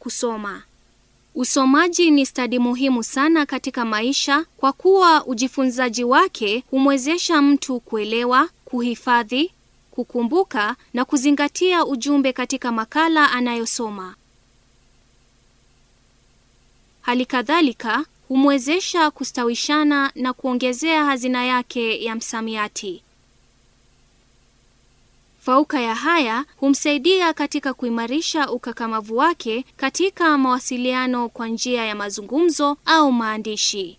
kusoma. Usomaji ni stadi muhimu sana katika maisha kwa kuwa ujifunzaji wake humwezesha mtu kuelewa, kuhifadhi, kukumbuka na kuzingatia ujumbe katika makala anayosoma. Hali kadhalika humwezesha kustawishana na kuongezea hazina yake ya msamiati. Fauka ya haya humsaidia katika kuimarisha ukakamavu wake katika mawasiliano kwa njia ya mazungumzo au maandishi.